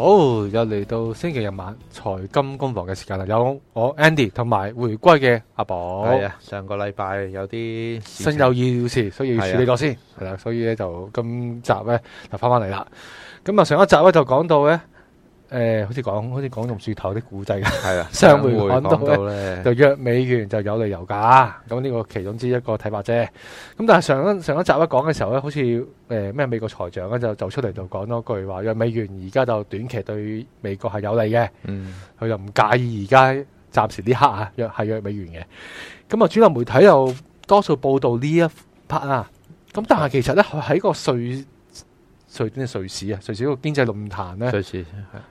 好，又嚟到星期日晚財金工房嘅時間啦，有我 Andy 同埋回歸嘅阿寶。係啊，上個禮拜有啲新有要事，需要處理過先，係啦、啊啊，所以咧就今集咧就翻翻嚟啦。咁啊，就上一集咧就講到咧。誒、呃，好似講，好似講用樹頭啲古仔嘅，相會講到咧，就弱美元就有利油價，咁呢個其中之一個睇法啫。咁但係上一上一集一講嘅時候咧，好似誒咩美國財長咧就就出嚟就講多句話，弱美元而家就短期對美國係有利嘅，嗯，佢就唔介意而家暫時呢刻啊弱係弱美元嘅。咁啊主流媒體又多數報道呢一 part 啦，啊，咁但係其實咧佢喺個稅。瑞士啊，瑞士，係嘅，瑞士個經濟論壇咧，瑞士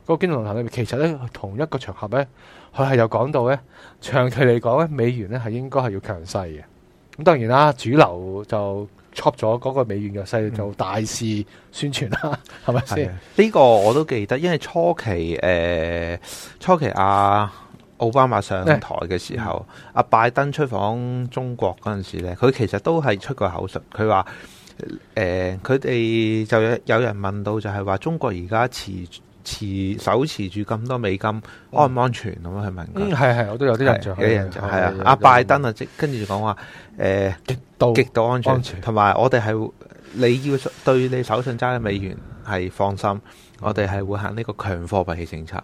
個經濟論壇裏面，其實咧同一個場合咧，佢係又講到咧，長期嚟講咧，美元咧係應該係要強勢嘅。咁當然啦，主流就抄咗嗰個美元弱勢做大肆宣傳啦，係咪先？呢個我都記得，因為初期誒，初期啊，奧巴馬上台嘅時候，阿拜登出訪中國嗰陣時咧，佢其實都係出過口述，佢話。誒，佢哋就有有人問到，就係話中國而家持持手持住咁多美金，安唔安全咁樣係咪？嗯，係係，我都有啲印象，有印象係啊。阿拜登啊，即跟住就講話，誒，極度極度安全，同埋我哋係你要對你手上揸嘅美元係放心，我哋係會行呢個強貨幣嘅政策。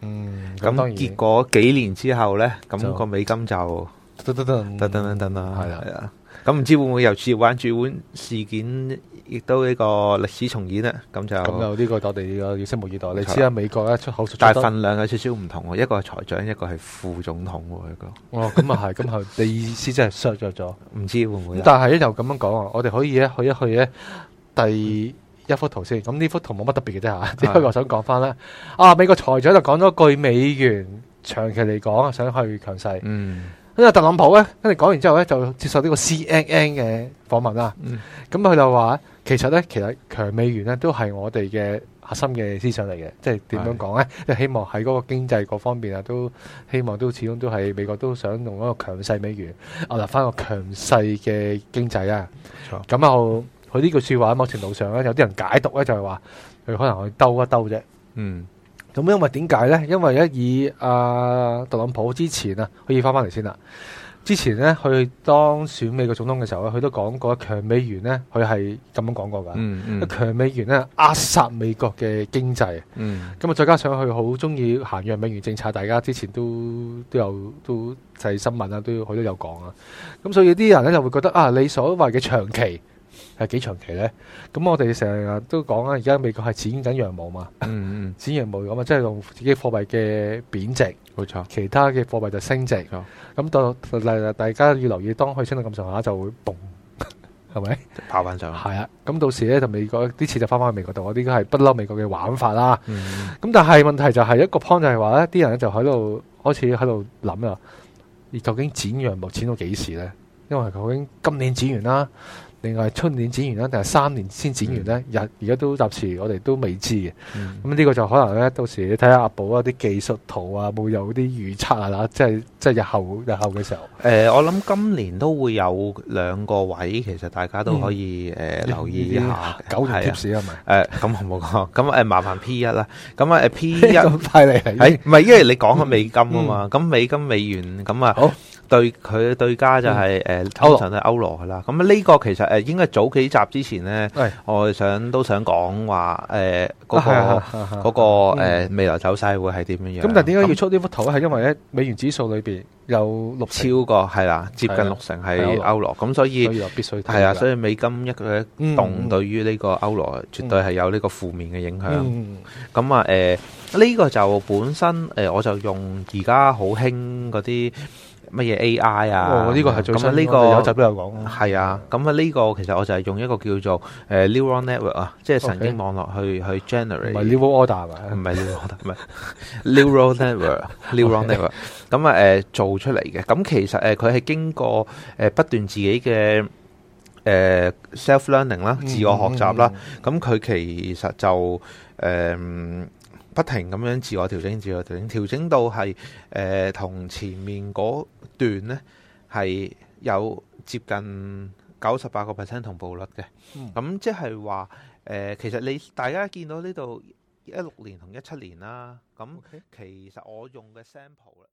嗯，咁結果幾年之後咧，咁個美金就噔噔噔噔噔噔噔啦，係係咁唔知會唔會由住玩住玩事件，亦都呢個歷史重演呢咁就咁、嗯這個、就呢、這個我哋個要拭目以待。白你知啊美國咧出口，但係分量有少少唔同，一個係財長，一個係副總統喎。一個哦，咁啊係，咁後你意思即係削弱咗？唔知會唔會？但係咧又咁樣講啊，我哋可以咧去一去咧第一幅圖先。咁呢幅圖冇乜特別嘅啫吓，只不過想講翻咧啊，美國財長就講咗句美元長期嚟講想去強勢。嗯。特朗普咧，跟住講完之後咧，就接受呢個 CNN 嘅訪問啦。咁佢、嗯、就話：其實咧，其實強美元咧都係我哋嘅核心嘅思想嚟嘅。即係點樣講咧？即係希望喺嗰個經濟各方面啊，都希望都始終都係美國都想用一個強勢美元，立返個強勢嘅經濟啊。咁我佢呢句說話喺某程度上咧，有啲人解讀咧就係話佢可能去兜一兜啫。嗯。咁因為點解呢？因為咧以、啊、特朗普之前啊，可以翻翻嚟先啦。之前呢，佢當選美國總統嘅時候咧，佢都講過強美元呢，佢係咁樣講過噶。嗯嗯，強美元呢壓殺美國嘅經濟。嗯，咁啊、嗯、再加上佢好中意行弱美元政策，大家之前都都有都睇新聞啦，都佢、啊、都，都有講啦，咁所以啲人咧就會覺得啊，你所謂嘅長期。係幾長期咧？咁我哋成日都講啦、啊，而家美國係剪緊羊毛嘛，嗯嗯 剪羊毛咁嘛，即係用自己貨幣嘅貶值，冇錯錯。其他嘅貨幣就升值，咁錯到大家要留意，當佢升到咁上下，就會嘣，係咪 吧？跑翻上係啊！咁到時咧，就美國啲錢就翻翻去美國度，我呢個係不嬲美國嘅玩法啦。咁、嗯嗯、但係問題就係、是、一個 point 就係話咧，啲人咧就喺度開始喺度諗啦，你究竟剪羊毛剪到幾時咧？因為究竟今年剪完啦。另外，春年剪完啦定係三年先剪完咧？日而家都暫時，我哋都未知嘅。咁呢個就可能咧，到時你睇下阿寶嗰啲技術圖啊，冇有啲預測啦，即係即係日後日後嘅時候。誒，我諗今年都會有兩個位，其實大家都可以誒留意一下。九條貼士係嘛？誒，咁好唔好講，咁誒麻煩 P 一啦。咁啊 P 一派嚟，係唔係因為你講緊美金啊嘛？咁美金美元咁啊好。對佢嘅對家就係誒通常係歐羅啦，咁啊呢個其實誒應該早幾集之前咧，我哋想都想講話誒嗰個嗰個誒未來走勢會係點樣樣。咁但係點解要出呢幅圖咧？係因為咧美元指數裏邊有六超過係啦，接近六成係歐羅，咁所以必須係啊，所以美金一個一動對於呢個歐羅絕對係有呢個負面嘅影響。咁啊誒呢個就本身誒我就用而家好興嗰啲。乜嘢 AI 啊？呢個係最新嘅。咁啊，呢個有集都有講。係啊，咁啊，呢個其實我就係用一個叫做誒 neural network 啊，即係神經網絡去去 generate。唔係 neural data 嘛？唔係 neural data，唔係 neural network，neural network。咁啊誒，做出嚟嘅。咁其實誒，佢係經過誒不斷自己嘅誒 self learning 啦，自我學習啦。咁佢其實就誒。不停咁樣自我調整、自我調整，調整到係誒同前面嗰段咧係有接近九十八個 percent 同步率嘅。咁即係話誒其實你大家見到呢度一六年同一七年啦，咁其實我用嘅 sample 咧。